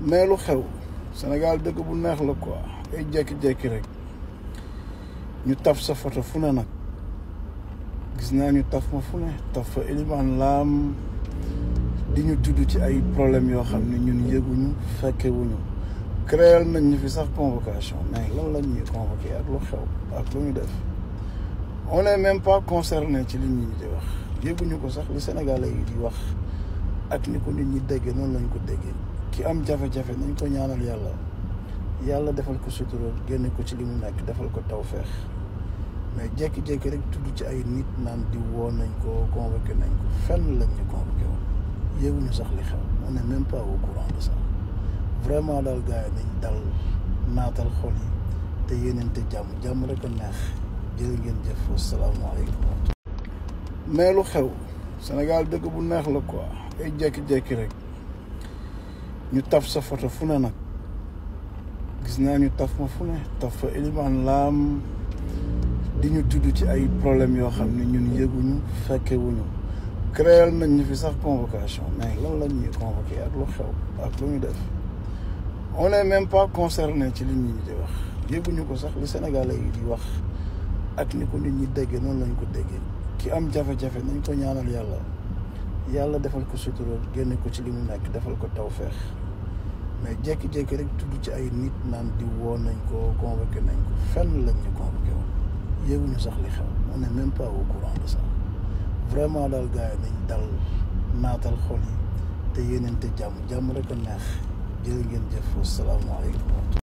mais lu xew Sénégal dëkk bu neex la koi ay jékki-jékki rek ñu taf sa photo fu ne nag gis naa ñu taf ma fu ne taf fa Elimane Lam di ñu tudd ci ay problème yoo xam ne ñun yëguñu fekkewuñu créer nañ ñu fi sax convocation mais lan lañu ñuy convoqué ak lu xew ak lu ñu def on est même pas concerné ci li ñu di wax yëguñu ko sax li Sénégalais yi di wax ak ni ko nit ñi déggee noonu lañ ko déggee ki am jafe-jafe nañ ko ñaanal yàlla yàlla defal ko sutura génne ko ci li mu nekk defal ko tawféex mais jékki-jékki rek tudd ci ay nit naan di woo nañ ko convoqué nañ ko fenn lañ ñu convoqué woon yéeguñu sax li xew on n'est même pas courant de ça vraiment daal gars yi nañ dal naatal xol yi te yéeneente jàmm jàmm rek a neex jërë ngeen jëf asalaamaaleykum mais lu xew Sénégal dëkk bu neex la ko ay jékki-jékki rek ñu taf sa photo fu ne nag gis naa ñu taf ma fu ne taf fa Eliman Lam di ñu tudd ci ay problème yoo xam ne ñun yëguñu fekkewuñu créel nañ ñu fi sax convocation mais lan la ñuy convoqué ak lu xew ak lu ñu def on est même pas concerné ci li ñu di wax yëguñu ko sax li Sénégalais yi di wax ak ni ko nit ñi déggee noonu lañ ko déggee ki am jafe-jafe nañ ko ñaanal yàlla yàlla defal ko sutura génne ko ci li mu nekk defal ko tawféex mais jékki-jékki rek tudd ci ay nit naan di woo nañ ko convoqué nañ ko fenn lañ ñu convoqué woon sax li xew on est même pas au courant de ça vraiment daal gars yi nañ dal naatal xool yi te yéeneente jàmm jàmm rek a neex jërë ngeen jëf wa salaamualeykum